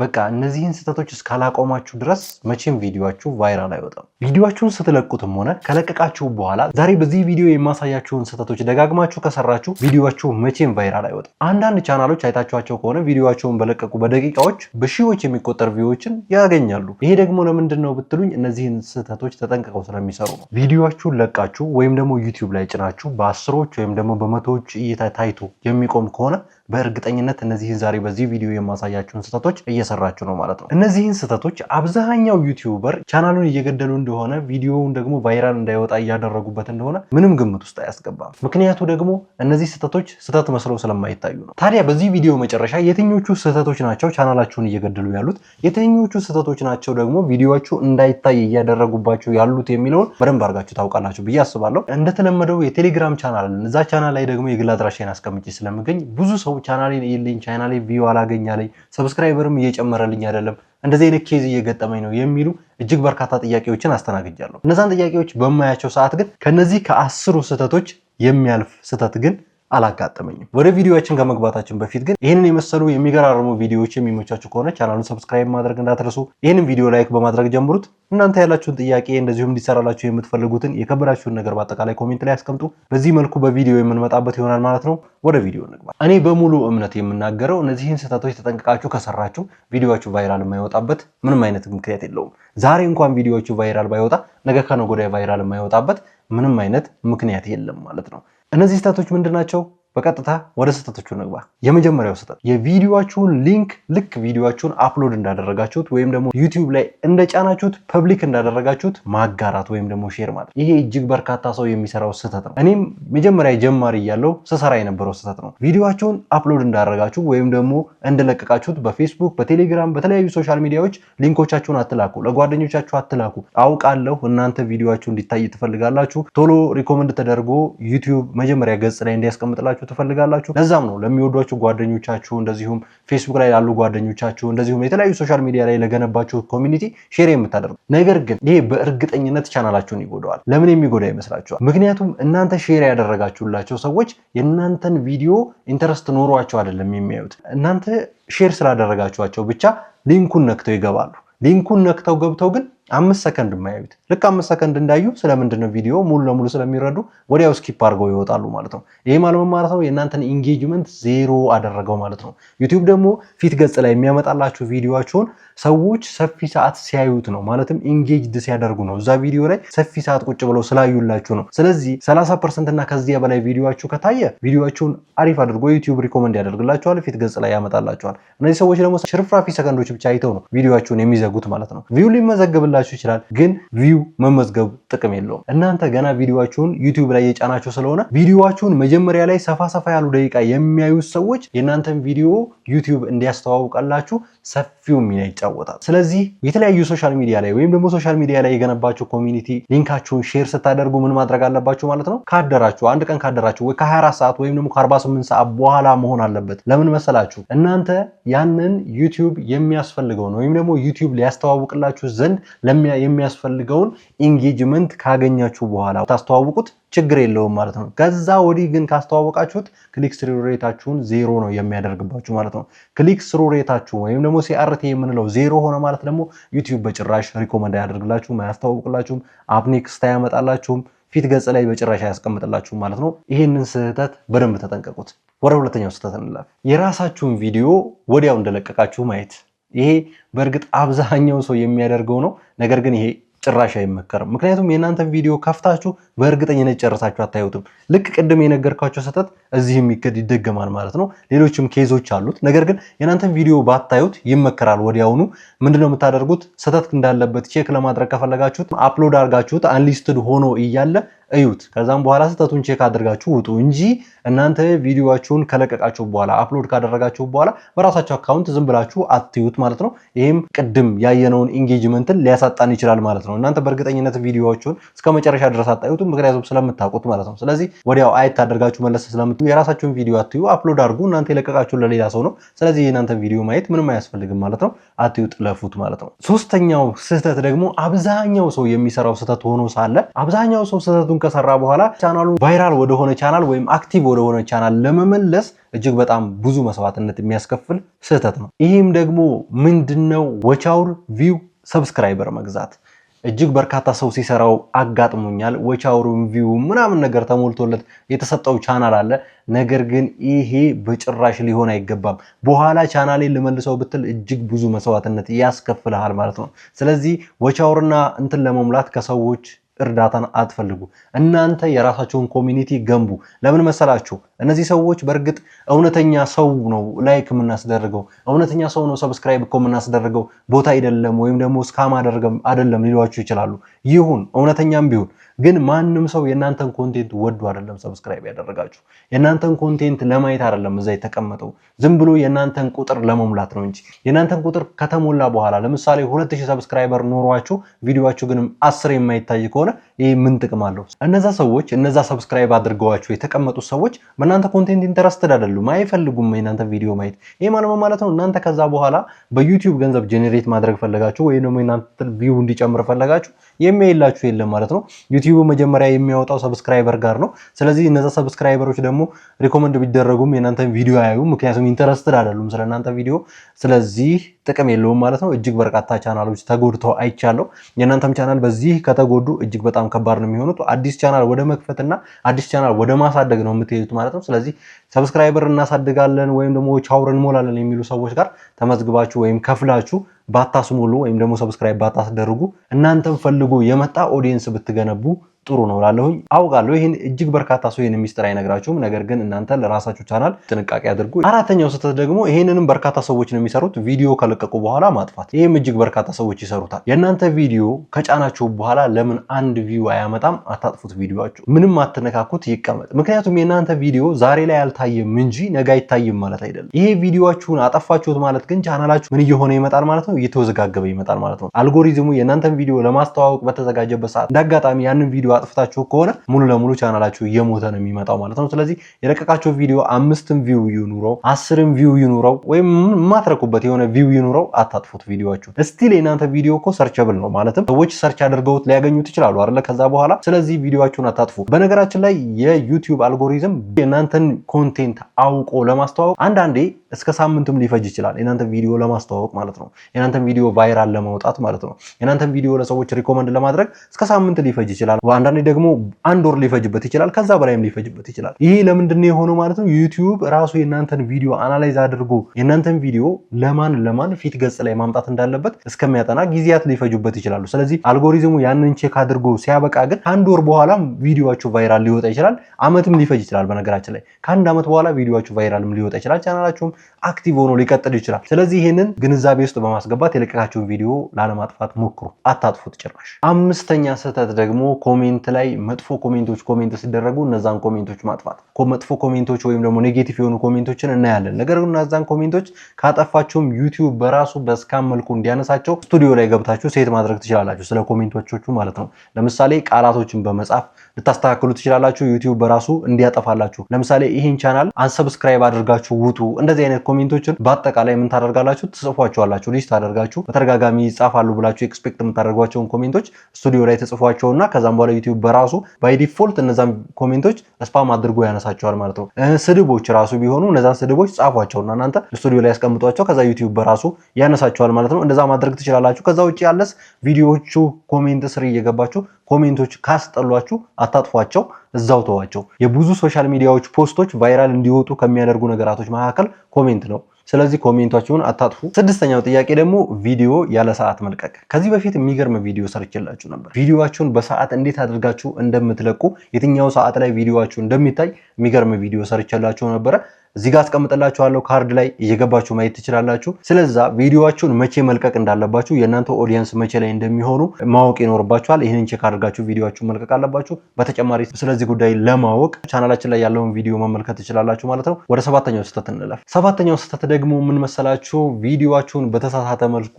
በቃ እነዚህን ስህተቶች እስካላቆማችሁ ድረስ መቼም ቪዲዮችሁ ቫይራል አይወጣም። ቪዲዮችሁን ስትለቁትም ሆነ ከለቀቃችሁ በኋላ ዛሬ በዚህ ቪዲዮ የማሳያችሁን ስህተቶች ደጋግማችሁ ከሰራችሁ ቪዲዮችሁ መቼም ቫይራል አይወጣም። አንዳንድ ቻናሎች አይታችኋቸው ከሆነ ቪዲዮቸውን በለቀቁ በደቂቃዎች በሺዎች የሚቆጠር ቪዎችን ያገኛሉ። ይሄ ደግሞ ለምንድን ነው ብትሉኝ እነዚህን ስህተቶች ተጠንቅቀው ስለሚሰሩ ነው። ቪዲዮችሁን ለቃችሁ ወይም ደግሞ ዩቲዩብ ላይ ጭናችሁ በአስሮች ወይም ደግሞ በመቶዎች እይታ ታይቶ የሚቆም ከሆነ በእርግጠኝነት እነዚህን ዛሬ በዚህ ቪዲዮ የማሳያችሁን ስህተቶች እየሰራችሁ ነው ማለት ነው። እነዚህን ስህተቶች አብዛኛው ዩቲዩበር ቻናሉን እየገደሉ እንደሆነ ቪዲዮውን ደግሞ ቫይራል እንዳይወጣ እያደረጉበት እንደሆነ ምንም ግምት ውስጥ አያስገባም። ምክንያቱ ደግሞ እነዚህ ስህተቶች ስህተት መስለው ስለማይታዩ ነው። ታዲያ በዚህ ቪዲዮ መጨረሻ የትኞቹ ስህተቶች ናቸው ቻናላችሁን እየገደሉ ያሉት፣ የትኞቹ ስህተቶች ናቸው ደግሞ ቪዲዮችሁ እንዳይታይ እያደረጉባችሁ ያሉት የሚለውን በደንብ አድርጋችሁ ታውቃላችሁ ብዬ አስባለሁ። እንደተለመደው የቴሌግራም ቻናል እዛ ቻናል ላይ ደግሞ የግል አድራሻዬን አስቀምጬ ስለምገኝ ብዙ ሰው ቻናሌን የለኝ ቻናሌ ቪው አላገኛለኝ ሰብስክራይበርም እየጨመረልኝ አይደለም፣ እንደዚህ አይነት ኬዝ እየገጠመኝ ነው የሚሉ እጅግ በርካታ ጥያቄዎችን አስተናግጃለሁ። እነዛን ጥያቄዎች በማያቸው ሰዓት ግን ከነዚህ ከአስሩ ስህተቶች የሚያልፍ ስህተት ግን አላጋጠመኝም። ወደ ቪዲዮችን ከመግባታችን በፊት ግን ይህንን የመሰሉ የሚገራርሙ ቪዲዮዎች የሚመቻችሁ ከሆነ ቻናሉን ሰብስክራይብ ማድረግ እንዳትረሱ። ይህንን ቪዲዮ ላይክ በማድረግ ጀምሩት። እናንተ ያላችሁን ጥያቄ እንደዚሁም እንዲሰራላችሁ የምትፈልጉትን የከበዳችሁን ነገር በአጠቃላይ ኮሜንት ላይ አስቀምጡ በዚህ መልኩ በቪዲዮ የምንመጣበት ይሆናል ማለት ነው። ወደ ቪዲዮ እንግባ። እኔ በሙሉ እምነት የምናገረው እነዚህን ስህተቶች ተጠንቅቃችሁ ከሰራችሁ ቪዲዮችሁ ቫይራል የማይወጣበት ምንም አይነት ምክንያት የለውም። ዛሬ እንኳን ቪዲዮችሁ ቫይራል ባይወጣ ነገ ከነገ ወዲያ ቫይራል የማይወጣበት ምንም አይነት ምክንያት የለም ማለት ነው። እነዚህ ስህተቶች ምንድን ናቸው? በቀጥታ ወደ ስህተቶቹ ንግባ። የመጀመሪያው ስህተት የቪዲዮችሁን ሊንክ ልክ ቪዲዮችሁን አፕሎድ እንዳደረጋችሁት ወይም ደግሞ ዩቲዩብ ላይ እንደጫናችሁት ፐብሊክ እንዳደረጋችሁት ማጋራት ወይም ደግሞ ሼር ማለት። ይሄ እጅግ በርካታ ሰው የሚሰራው ስህተት ነው። እኔም መጀመሪያ ጀማሪ እያለሁ ስሰራ የነበረው ስህተት ነው። ቪዲዮችሁን አፕሎድ እንዳደረጋችሁ ወይም ደግሞ እንደለቀቃችሁት በፌስቡክ፣ በቴሌግራም፣ በተለያዩ ሶሻል ሚዲያዎች ሊንኮቻችሁን አትላኩ፣ ለጓደኞቻችሁ አትላኩ። አውቃለሁ እናንተ ቪዲዮችሁ እንዲታይ ትፈልጋላችሁ። ቶሎ ሪኮመንድ ተደርጎ ዩቲዩብ መጀመሪያ ገጽ ላይ እንዲያስቀምጥላችሁ ልታደርጋቸው ትፈልጋላችሁ። ለዛም ነው ለሚወዷችሁ ጓደኞቻችሁ፣ እንደዚሁም ፌስቡክ ላይ ላሉ ጓደኞቻችሁ፣ እንደዚሁም የተለያዩ ሶሻል ሚዲያ ላይ ለገነባችሁ ኮሚኒቲ ሼር የምታደርጉ። ነገር ግን ይሄ በእርግጠኝነት ቻናላችሁን ይጎዳዋል። ለምን የሚጎዳ ይመስላችኋል? ምክንያቱም እናንተ ሼር ያደረጋችሁላቸው ሰዎች የእናንተን ቪዲዮ ኢንተረስት ኖሯቸው አይደለም የሚያዩት። እናንተ ሼር ስላደረጋችኋቸው ብቻ ሊንኩን ነክተው ይገባሉ። ሊንኩን ነክተው ገብተው ግን አምስት ሰከንድ የማያዩት ልክ አምስት ሰከንድ እንዳዩ ስለምንድን ነው ቪዲዮ ሙሉ ለሙሉ ስለሚረዱ ወዲያው ስኪፕ አድርገው ይወጣሉ ማለት ነው። ይህ ማለት ማለት ነው የእናንተን ኢንጌጅመንት ዜሮ አደረገው ማለት ነው። ዩቲዩብ ደግሞ ፊት ገጽ ላይ የሚያመጣላችሁ ቪዲዮችሁን ሰዎች ሰፊ ሰዓት ሲያዩት ነው ማለትም ኢንጌጅድ ሲያደርጉ ነው። እዛ ቪዲዮ ላይ ሰፊ ሰዓት ቁጭ ብለው ስላዩላችሁ ነው። ስለዚህ 30 ፐርሰንት እና ከዚያ በላይ ቪዲዮችሁ ከታየ ቪዲዮችሁን አሪፍ አድርጎ ዩቲዩብ ሪኮመንድ ያደርግላችኋል፣ ፊት ገጽ ላይ ያመጣላችኋል። እነዚህ ሰዎች ደግሞ ሽርፍራፊ ሰከንዶች ብቻ አይተው ነው ቪዲዮችሁን የሚዘጉት ማለት ነው። ቪው ሊመዘግብላ ሊኖራችሁ ይችላል፣ ግን ቪው መመዝገብ ጥቅም የለውም። እናንተ ገና ቪዲዮችሁን ዩቲዩብ ላይ የጫናችሁ ስለሆነ ቪዲዮችሁን መጀመሪያ ላይ ሰፋ ሰፋ ያሉ ደቂቃ የሚያዩት ሰዎች የእናንተን ቪዲዮ ዩቲዩብ እንዲያስተዋውቃላችሁ ሰፊው ሚና ይጫወታል። ስለዚህ የተለያዩ ሶሻል ሚዲያ ላይ ወይም ደግሞ ሶሻል ሚዲያ ላይ የገነባችሁ ኮሚኒቲ ሊንካችሁን ሼር ስታደርጉ ምን ማድረግ አለባችሁ ማለት ነው? ካደራችሁ አንድ ቀን ካደራችሁ ወይ ከ24 ሰዓት ወይም ደግሞ ከ48 ሰዓት በኋላ መሆን አለበት። ለምን መሰላችሁ? እናንተ ያንን ዩቲዩብ የሚያስፈልገውን ወይም ደግሞ ዩቲዩብ ሊያስተዋውቅላችሁ ዘንድ ለ የሚያስፈልገውን ኢንጌጅመንት ካገኛችሁ በኋላ ታስተዋውቁት ችግር የለውም ማለት ነው። ከዛ ወዲህ ግን ካስተዋወቃችሁት ክሊክ ስሩ ሬታችሁን ዜሮ ነው የሚያደርግባችሁ ማለት ነው። ክሊክ ስሩ ሬታችሁ ወይም ደግሞ ሲአርቲ የምንለው ዜሮ ሆነ ማለት ደግሞ ዩቲዩብ በጭራሽ ሪኮመንድ አያደርግላችሁም፣ አያስተዋውቅላችሁም፣ አፕኔክስት አያመጣላችሁም፣ ፊት ገጽ ላይ በጭራሽ አያስቀምጥላችሁም ማለት ነው። ይህንን ስህተት በደንብ ተጠንቀቁት። ወደ ሁለተኛው ስህተት እንላለን። የራሳችሁን ቪዲዮ ወዲያው እንደለቀቃችሁ ማየት ይሄ በእርግጥ አብዛኛው ሰው የሚያደርገው ነው። ነገር ግን ይሄ ጭራሽ አይመከርም። ምክንያቱም የእናንተን ቪዲዮ ከፍታችሁ በእርግጠኝነት ጨርሳችሁ አታዩትም። ልክ ቅድም የነገርኳቸው ስህተት እዚህም ይደገማል ማለት ነው። ሌሎችም ኬዞች አሉት። ነገር ግን የእናንተን ቪዲዮ ባታዩት ይመከራል። ወዲያውኑ ምንድነው የምታደርጉት? ስህተት እንዳለበት ቼክ ለማድረግ ከፈለጋችሁት አፕሎድ አድርጋችሁት አንሊስትድ ሆኖ እያለ እዩት። ከዛም በኋላ ስህተቱን ቼክ አድርጋችሁ ውጡ እንጂ እናንተ ቪዲዮዋችሁን ከለቀቃችሁ በኋላ አፕሎድ ካደረጋችሁ በኋላ በራሳቸው አካውንት ዝም ብላችሁ አትዩት ማለት ነው። ይህም ቅድም ያየነውን ኢንጌጅመንትን ሊያሳጣን ይችላል ማለት ነው። እናንተ በእርግጠኝነት ቪዲዮዎቹን እስከ መጨረሻ ድረስ አታዩትም፣ ምክንያቱም ስለምታውቁት ማለት ነው። ስለዚህ ወዲያው አየት ታደርጋችሁ መለስ ስለምትዩ የራሳችሁን ቪዲዮ አትዩ፣ አፕሎድ አድርጉ። እናንተ የለቀቃችሁ ለሌላ ሰው ነው። ስለዚህ የእናንተ ቪዲዮ ማየት ምንም አያስፈልግም ማለት ነው። አትዩ፣ ጥለፉት ማለት ነው። ሶስተኛው ስህተት ደግሞ አብዛኛው ሰው የሚሰራው ስህተት ሆኖ ሳለ አብዛኛው ሰው ስህተቱን ከሰራ በኋላ ቻናሉ ቫይራል ወደሆነ ቻናል ወይም አክቲቭ ወደሆነ ቻናል ለመመለስ እጅግ በጣም ብዙ መስዋዕትነት የሚያስከፍል ስህተት ነው። ይህም ደግሞ ምንድነው? ወቻውር ቪው ሰብስክራይበር መግዛት እጅግ በርካታ ሰው ሲሰራው አጋጥሞኛል። ወቻውሩን ቪው ምናምን ነገር ተሞልቶለት የተሰጠው ቻናል አለ። ነገር ግን ይሄ በጭራሽ ሊሆን አይገባም። በኋላ ቻናሌን ልመልሰው ብትል እጅግ ብዙ መስዋዕትነት ያስከፍልሃል ማለት ነው። ስለዚህ ወቻውርና እንትን ለመሙላት ከሰዎች እርዳታን አትፈልጉ። እናንተ የራሳችሁን ኮሚኒቲ ገንቡ። ለምን መሰላችሁ? እነዚህ ሰዎች በእርግጥ እውነተኛ ሰው ነው ላይክ የምናስደርገው እውነተኛ ሰው ነው ሰብስክራይብ እኮ የምናስደርገው ቦታ አይደለም ወይም ደግሞ ስካም አይደለም ሊሏችሁ ይችላሉ። ይሁን እውነተኛም ቢሆን ግን ማንም ሰው የእናንተን ኮንቴንት ወዱ አይደለም ሰብስክራይብ ያደረጋችሁ። የእናንተን ኮንቴንት ለማየት አይደለም እዛ የተቀመጠው፣ ዝም ብሎ የእናንተን ቁጥር ለመሙላት ነው እንጂ የእናንተን ቁጥር ከተሞላ በኋላ ለምሳሌ ሁለት ሺህ ሰብስክራይበር ኖሯችሁ ቪዲዮችሁ ግን አስር የማይታይ ከሆነ Savona ይህ ምን ጥቅም አለው? እነዛ ሰዎች እነዛ ሰብስክራይብ አድርገዋቸው የተቀመጡ ሰዎች በእናንተ ኮንቴንት ኢንተረስትድ አይደሉም፣ አይፈልጉም የእናንተ ቪዲዮ ማየት። ይህ ማለት ማለት ነው እናንተ ከዛ በኋላ በዩቲዩብ ገንዘብ ጄኔሬት ማድረግ ፈለጋችሁ ወይ ደግሞ የእናንተ ቪው እንዲጨምር ፈለጋችሁ የሚያይላችሁ የለም ማለት ነው። ዩቲዩብ መጀመሪያ የሚያወጣው ሰብስክራይበር ጋር ነው። ስለዚህ እነዛ ሰብስክራይበሮች ደግሞ ሪኮመንድ ቢደረጉም የእናንተ ቪዲዮ አያዩ፣ ምክንያቱም ኢንተረስትድ አይደሉም ስለ እናንተ ቪዲዮ። ስለዚህ ጥቅም የለውም ማለት ነው። እጅግ በርካታ ቻናሎች ተጎድተው አይቻለው። የእናንተም ቻናል በዚህ ከተጎዱ እጅግ በጣም ከባድ ነው የሚሆኑት። አዲስ ቻናል ወደ መክፈትና አዲስ ቻናል ወደ ማሳደግ ነው የምትሄዱት ማለት ነው። ስለዚህ ሰብስክራይበር እናሳድጋለን ወይም ደግሞ ቻውር እንሞላለን የሚሉ ሰዎች ጋር ተመዝግባችሁ ወይም ከፍላችሁ ባታስሞሉ ወይም ደግሞ ሰብስክራይብ ባታስደርጉ እናንተም ፈልጎ የመጣ ኦዲየንስ ብትገነቡ ጥሩ ነው ላለሁኝ አውቃለሁ። ይህን እጅግ በርካታ ሰው ይህን ሚስጥር አይነግራችሁም። ነገር ግን እናንተ ለራሳችሁ ቻናል ጥንቃቄ አድርጉ። አራተኛው ስህተት ደግሞ ይህንንም በርካታ ሰዎች ነው የሚሰሩት፣ ቪዲዮ ከለቀቁ በኋላ ማጥፋት። ይህም እጅግ በርካታ ሰዎች ይሰሩታል። የእናንተ ቪዲዮ ከጫናችሁ በኋላ ለምን አንድ ቪው አያመጣም? አታጥፉት። ቪዲዮችሁ ምንም አትነካኩት፣ ይቀመጥ። ምክንያቱም የእናንተ ቪዲዮ ዛሬ ላይ አልታየም እንጂ ነገ አይታይም ማለት አይደለም። ይሄ ቪዲዮችሁን አጠፋችሁት ማለት ግን ቻናላችሁ ምን እየሆነ ይመጣል ማለት ነው፣ እየተወዘጋገበ ይመጣል ማለት ነው። አልጎሪዝሙ የእናንተን ቪዲዮ ለማስተዋወቅ በተዘጋጀበት ሰዓት እንዳጋጣሚ ያንን ቪዲዮ ቪዲዮ አጥፍታችሁ ከሆነ ሙሉ ለሙሉ ቻናላችሁ እየሞተ ነው የሚመጣው ማለት ነው። ስለዚህ የለቀቃችሁ ቪዲዮ አምስትም ቪው ይኑረው አስርም ቪው ይኑረው ወይም የማትረኩበት የሆነ ቪው ይኑረው አታጥፉት ቪዲዮችሁ ስቲል የእናንተ ቪዲዮ እኮ ሰርቸብል ነው ማለትም ሰዎች ሰርች አድርገውት ሊያገኙት ይችላሉ አለ ከዛ በኋላ ስለዚህ ቪዲዮችሁን አታጥፉ። በነገራችን ላይ የዩቲዩብ አልጎሪዝም የእናንተን ኮንቴንት አውቆ ለማስተዋወቅ አንዳንዴ እስከ ሳምንትም ሊፈጅ ይችላል የእናንተ ቪዲዮ ለማስተዋወቅ ማለት ነው። የእናንተን ቪዲዮ ቫይራል ለማውጣት ማለት ነው። የእናንተን ቪዲዮ ለሰዎች ሪኮመንድ ለማድረግ እስከ ሳምንት ሊፈጅ ይችላል። አንዳንዴ ደግሞ አንድ ወር ሊፈጅበት ይችላል፣ ከዛ በላይም ሊፈጅበት ይችላል። ይሄ ለምንድን ነው የሆነው ማለት ነው? ዩቲዩብ ራሱ የእናንተን ቪዲዮ አናላይዝ አድርጎ የእናንተን ቪዲዮ ለማን ለማን ፊት ገጽ ላይ ማምጣት እንዳለበት እስከሚያጠና ጊዜያት ሊፈጁበት ይችላሉ። ስለዚህ አልጎሪዝሙ ያንን ቼክ አድርጎ ሲያበቃ ግን ከአንድ ወር በኋላም ቪዲዮችሁ ቫይራል ሊወጣ ይችላል። አመትም ሊፈጅ ይችላል። በነገራችን ላይ ከአንድ ዓመት በኋላ ቪዲዮችሁ ቫይራልም ሊወጣ ይችላል። ቻናላችሁም አክቲቭ ሆኖ ሊቀጥል ይችላል። ስለዚህ ይህንን ግንዛቤ ውስጥ በማስገባት የለቀቃችሁን ቪዲዮ ላለማጥፋት ሞክሩ። አታጥፉት ጭራሽ። አምስተኛ ስህተት ደግሞ ኮሜንት ኮሜንት ላይ መጥፎ ኮሜንቶች ኮሜንት ሲደረጉ እነዛን ኮሜንቶች ማጥፋት፣ መጥፎ ኮሜንቶች ወይም ደግሞ ኔጌቲቭ የሆኑ ኮሜንቶችን እናያለን። ነገር ግን እነዛን ኮሜንቶች ካጠፋችሁም ዩቲዩብ በራሱ በስካም መልኩ እንዲያነሳቸው ስቱዲዮ ላይ ገብታችሁ ሴት ማድረግ ትችላላችሁ፣ ስለ ኮሜንቶቹ ማለት ነው። ለምሳሌ ቃላቶችን በመጻፍ ልታስተካክሉ ትችላላችሁ። ዩቲዩብ በራሱ እንዲያጠፋላችሁ፣ ለምሳሌ ይህን ቻናል አንሰብስክራይብ አድርጋችሁ ውጡ። እንደዚህ አይነት ኮሜንቶችን በአጠቃላይ ምን ታደርጋላችሁ? ትጽፏቸዋላችሁ፣ ሊስት ታደርጋችሁ በተደጋጋሚ ይጻፋሉ ብላችሁ ኤክስፔክት የምታደርጓቸውን ኮሜንቶች ስቱዲዮ ላይ ተጽፏቸውና ከዛም በኋላ ዩቲዩብ በራሱ ባይ ዲፎልት እነዛን ኮሜንቶች ስፓም አድርጎ ያነሳቸዋል ማለት ነው። ስድቦች ራሱ ቢሆኑ እነዛን ስድቦች እና እናንተ ስቱዲዮ ላይ ያስቀምጧቸው፣ ከዛ ዩቲዩብ በራሱ ያነሳቸዋል ማለት ነው። እንደዛ ማድረግ ትችላላችሁ። ከዛ ውጭ ያለስ ቪዲዮዎቹ ኮሜንት ስር እየገባችሁ ኮሜንቶች ካስጠሏችሁ አታጥፏቸው፣ እዛው ተዋቸው። የብዙ ሶሻል ሚዲያዎች ፖስቶች ቫይራል እንዲወጡ ከሚያደርጉ ነገራቶች መካከል ኮሜንት ነው። ስለዚህ ኮሜንታችሁን አታጥፉ። ስድስተኛው ጥያቄ ደግሞ ቪዲዮ ያለ ሰዓት መልቀቅ። ከዚህ በፊት የሚገርም ቪዲዮ ሰርችላችሁ ነበር። ቪዲዮችሁን በሰዓት እንዴት አድርጋችሁ እንደምትለቁ፣ የትኛው ሰዓት ላይ ቪዲዮችሁ እንደሚታይ የሚገርም ቪዲዮ ሰርችላችሁ ነበረ። እዚህ ጋር አለው ካርድ ላይ እየገባችሁ ማየት ትችላላችሁ። ስለዛ ቪዲዮችሁን መቼ መልቀቅ እንዳለባችሁ የእናንተ ኦዲየንስ መቼ ላይ እንደሚሆኑ ማወቅ ይኖርባችኋል። ይህንን ቼክ አድርጋችሁ ቪዲዮችሁን መልቀቅ አለባችሁ። በተጨማሪ ስለዚህ ጉዳይ ለማወቅ ቻናላችን ላይ ያለውን ቪዲዮ መመልከት ትችላላችሁ ማለት ነው። ወደ ሰባተኛው ስህተት እንለፍ። ሰባተኛው ስህተት ደግሞ ምን መሰላችሁ? ቪዲዮችሁን በተሳሳተ መልኩ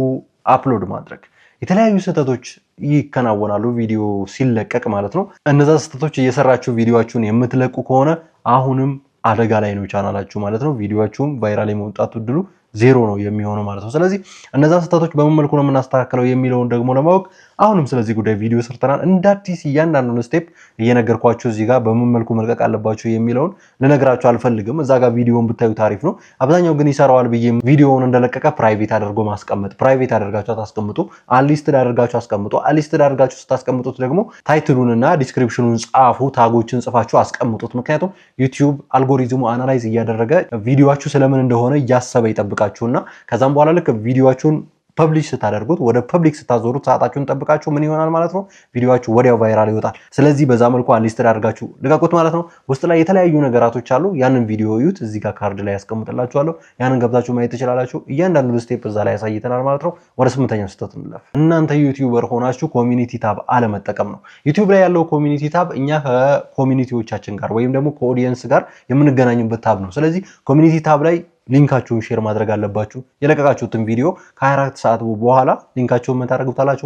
አፕሎድ ማድረግ የተለያዩ ስህተቶች ይከናወናሉ። ቪዲዮ ሲለቀቅ ማለት ነው። እነዛ ስህተቶች እየሰራችሁ ቪዲዮችሁን የምትለቁ ከሆነ አሁንም አደጋ ላይ ነው ቻናላችሁ ማለት ነው። ቪዲዮችሁም ቫይራል የመውጣት እድሉ ዜሮ ነው የሚሆነው ማለት ነው። ስለዚህ እነዛ ስህተቶች በምን መልኩ ነው የምናስተካክለው የሚለውን ደግሞ ለማወቅ አሁንም ስለዚህ ጉዳይ ቪዲዮ ሰርተናል። እንደ አዲስ እያንዳንዱን ስቴፕ እየነገርኳችሁ እዚህ ጋር በምን መልኩ መልቀቅ አለባችሁ የሚለውን ልነግራችሁ አልፈልግም። እዛ ጋር ቪዲዮውን ብታዩ ታሪፍ ነው። አብዛኛው ግን ይሰራዋል ብዬ ቪዲዮውን እንደለቀቀ ፕራይቬት አድርጎ ማስቀመጥ። ፕራይቬት አድርጋችሁ አታስቀምጡ፣ አንሊስትድ አድርጋችሁ አስቀምጡ። አንሊስትድ አድርጋችሁ ስታስቀምጡት ደግሞ ታይትሉንና ዲስክሪፕሽኑን ጻፉ፣ ታጎችን ጽፋችሁ አስቀምጡት። ምክንያቱም ዩቲዩብ አልጎሪዝሙ አናላይዝ እያደረገ ቪዲዮችሁ ስለምን እንደሆነ እያሰበ ይጠብቃችሁና ከዛም በኋላ ልክ ቪዲዮችሁን ፐብሊሽ ስታደርጉት ወደ ፐብሊክ ስታዞሩት ሰዓታችሁን ጠብቃችሁ ምን ይሆናል ማለት ነው? ቪዲዮችሁ ወዲያው ቫይራል ይወጣል። ስለዚህ በዛ መልኩ አንሊስትድ አድርጋችሁ ልቀቁት ማለት ነው። ውስጥ ላይ የተለያዩ ነገራቶች አሉ። ያንን ቪዲዮ እዩት። እዚህ ጋር ካርድ ላይ ያስቀምጥላችኋለሁ። ያንን ገብታችሁ ማየት ትችላላችሁ። እያንዳንዱ ስቴፕ እዛ ላይ ያሳይተናል ማለት ነው። ወደ ስምንተኛ ስህተት እንለፍ። እናንተ ዩቲዩበር ሆናችሁ ኮሚኒቲ ታብ አለመጠቀም ነው። ዩቲዩብ ላይ ያለው ኮሚኒቲ ታብ እኛ ከኮሚኒቲዎቻችን ጋር ወይም ደግሞ ከኦዲየንስ ጋር የምንገናኝበት ታብ ነው። ስለዚህ ኮሚኒቲ ታብ ላይ ሊንካችሁን ሼር ማድረግ አለባችሁ። የለቀቃችሁትን ቪዲዮ ከ24 ሰዓት በኋላ ሊንካችሁን ምን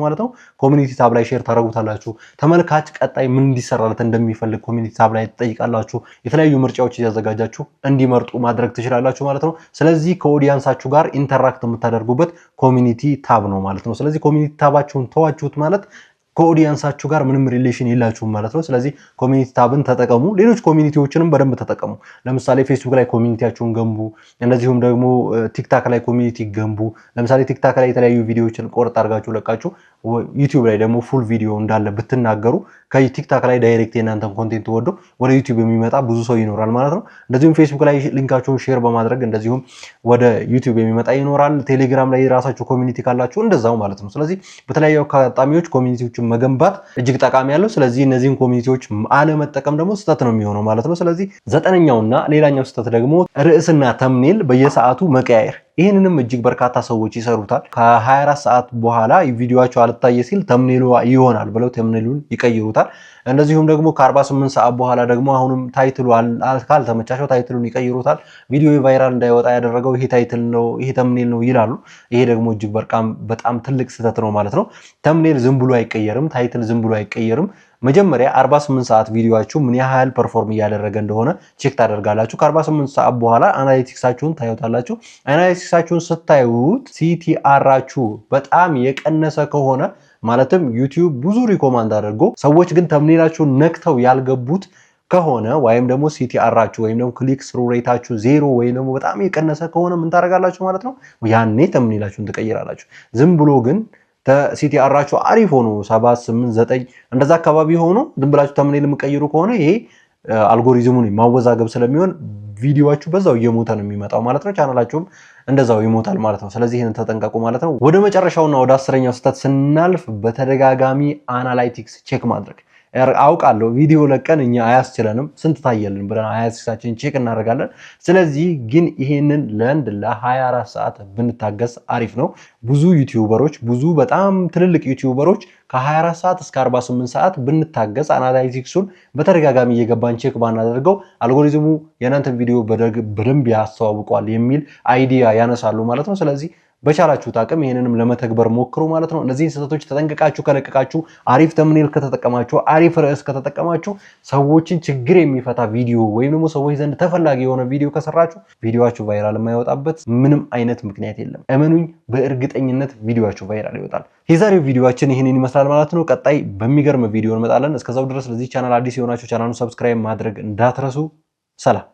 ማለት ነው ኮሚኒቲ ታብ ላይ ሼር ታደረጉታላችሁ። ተመልካች ቀጣይ ምን እንዲሰራለት እንደሚፈልግ ኮሚኒቲ ታብ ላይ ትጠይቃላችሁ። የተለያዩ ምርጫዎች እያዘጋጃችሁ እንዲመርጡ ማድረግ ትችላላችሁ ማለት ነው። ስለዚህ ከኦዲያንሳችሁ ጋር ኢንተራክት የምታደርጉበት ኮሚኒቲ ታብ ነው ማለት ነው። ስለዚህ ኮሚኒቲ ታባችሁን ተዋችሁት ማለት ከኦዲየንሳችሁ ጋር ምንም ሪሌሽን የላችሁም ማለት ነው። ስለዚህ ኮሚኒቲ ታብን ተጠቀሙ። ሌሎች ኮሚኒቲዎችንም በደንብ ተጠቀሙ። ለምሳሌ ፌስቡክ ላይ ኮሚኒቲያችሁን ገንቡ። እንደዚሁም ደግሞ ቲክታክ ላይ ኮሚኒቲ ገንቡ። ለምሳሌ ቲክታክ ላይ የተለያዩ ቪዲዮዎችን ቆርጥ አድርጋችሁ ለቃችሁ ዩቲዩብ ላይ ደግሞ ፉል ቪዲዮ እንዳለ ብትናገሩ ከቲክታክ ላይ ዳይሬክት የእናንተን ኮንቴንት ወዶ ወደ ዩቲዩብ የሚመጣ ብዙ ሰው ይኖራል ማለት ነው። እንደዚሁም ፌስቡክ ላይ ሊንካችሁን ሼር በማድረግ እንደዚሁም ወደ ዩቲዩብ የሚመጣ ይኖራል። ቴሌግራም ላይ የራሳችሁ ኮሚኒቲ ካላችሁ እንደዛው ማለት ነው። ስለዚህ በተለያዩ አጋጣሚዎች ኮሚኒቲዎችን መገንባት እጅግ ጠቃሚ ያለው። ስለዚህ እነዚህን ኮሚኒቲዎች አለመጠቀም ደግሞ ስህተት ነው የሚሆነው ማለት ነው። ስለዚህ ዘጠነኛውና ሌላኛው ስህተት ደግሞ ርዕስና ተምኔል በየሰዓቱ መቀያየር ይህንንም እጅግ በርካታ ሰዎች ይሰሩታል። ከ24 ሰዓት በኋላ ቪዲዮቸው አልታየ ሲል ተምኔሉ ይሆናል ብለው ተምኔሉን ይቀይሩታል። እንደዚሁም ደግሞ ከ48 ሰዓት በኋላ ደግሞ አሁንም ታይትሉ ካልተመቻቸው ታይትሉን ይቀይሩታል። ቪዲዮ ቫይራል እንዳይወጣ ያደረገው ይሄ ታይትል ነው፣ ይሄ ተምኔል ነው ይላሉ። ይሄ ደግሞ እጅግ በጣም ትልቅ ስህተት ነው ማለት ነው። ተምኔል ዝም ብሎ አይቀየርም። ታይትል ዝም ብሎ አይቀየርም። መጀመሪያ 48 ሰዓት ቪዲዮችሁ ምን ያህል ፐርፎርም እያደረገ እንደሆነ ቼክ ታደርጋላችሁ። ከ48 ሰዓት በኋላ አናሊቲክሳችሁን ታዩታላችሁ። አናሊቲክሳችሁን ስታዩት ሲቲአራችሁ በጣም የቀነሰ ከሆነ ማለትም ዩቲዩብ ብዙ ሪኮማንድ አድርጎ ሰዎች ግን ተምኔላችሁን ነክተው ያልገቡት ከሆነ ወይም ደግሞ ሲቲአራችሁ ወይም ደግሞ ክሊክ ስሩ ሬታችሁ ዜሮ ወይም ደግሞ በጣም የቀነሰ ከሆነ ምን ታደርጋላችሁ ማለት ነው? ያኔ ተምኔላችሁን ትቀይራላችሁ። ዝም ብሎ ግን ሲቲ አራችሁ አሪፍ ሆኖ ሰባት ስምንት ዘጠኝ እንደዛ አካባቢ ሆኖ ዝም ብላችሁ ተምኔል የምቀይሩ ከሆነ ይሄ አልጎሪዝሙን ማወዛገብ ስለሚሆን ቪዲዮችሁ በዛው እየሞተ ነው የሚመጣው ማለት ነው። ቻናላችሁም እንደዛው ይሞታል ማለት ነው። ስለዚህ ይህንን ተጠንቀቁ ማለት ነው። ወደ መጨረሻውና ወደ አስረኛው ስህተት ስናልፍ በተደጋጋሚ አናላይቲክስ ቼክ ማድረግ አውቃለሁ። ቪዲዮ ለቀን እኛ አያስችለንም። ስንት ታየልን ብለን አያሲሳችን ቼክ እናደርጋለን። ስለዚህ ግን ይሄንን ለአንድ ለ24 ሰዓት ብንታገስ አሪፍ ነው። ብዙ ዩቲዩበሮች ብዙ በጣም ትልልቅ ዩቲዩበሮች ከ24 ሰዓት እስከ 48 ሰዓት ብንታገስ አናላይቲክሱን በተደጋጋሚ እየገባን ቼክ ባናደርገው አልጎሪዝሙ የእናንተን ቪዲዮ በደንብ ያስተዋውቋል የሚል አይዲያ ያነሳሉ ማለት ነው። ስለዚህ በቻላችሁት አቅም ይህንንም ለመተግበር ሞክሩ ማለት ነው። እነዚህን ስህተቶች ተጠንቅቃችሁ ከለቀቃችሁ፣ አሪፍ ተምኔል ከተጠቀማችሁ፣ አሪፍ ርዕስ ከተጠቀማችሁ፣ ሰዎችን ችግር የሚፈታ ቪዲዮ ወይም ደግሞ ሰዎች ዘንድ ተፈላጊ የሆነ ቪዲዮ ከሰራችሁ ቪዲዮችሁ ቫይራል የማይወጣበት ምንም አይነት ምክንያት የለም። እመኑኝ፣ በእርግጠኝነት ቪዲዮችሁ ቫይራል ይወጣል። የዛሬው ቪዲዮችን ይህንን ይመስላል ማለት ነው። ቀጣይ በሚገርም ቪዲዮ እንመጣለን። እስከዛው ድረስ ለዚህ ቻናል አዲስ የሆናችሁ ቻናሉን ሰብስክራይብ ማድረግ እንዳትረሱ። ሰላም